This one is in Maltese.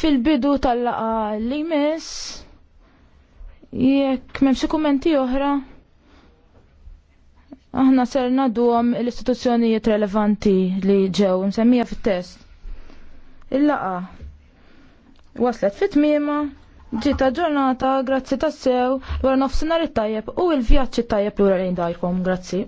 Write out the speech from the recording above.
fil-bidu tal-laqa li jmiss jekk memx kummenti oħra aħna ser nadduhom l-istituzzjonijiet relevanti li ġew msemmija fit-test. Il-laqa waslet fit-tmiema ġita ġurnata grazzi l wara nofsinhar it-tajjeb u l-vjaġġ it-tajjeb lura lejn dajkom, grazzi.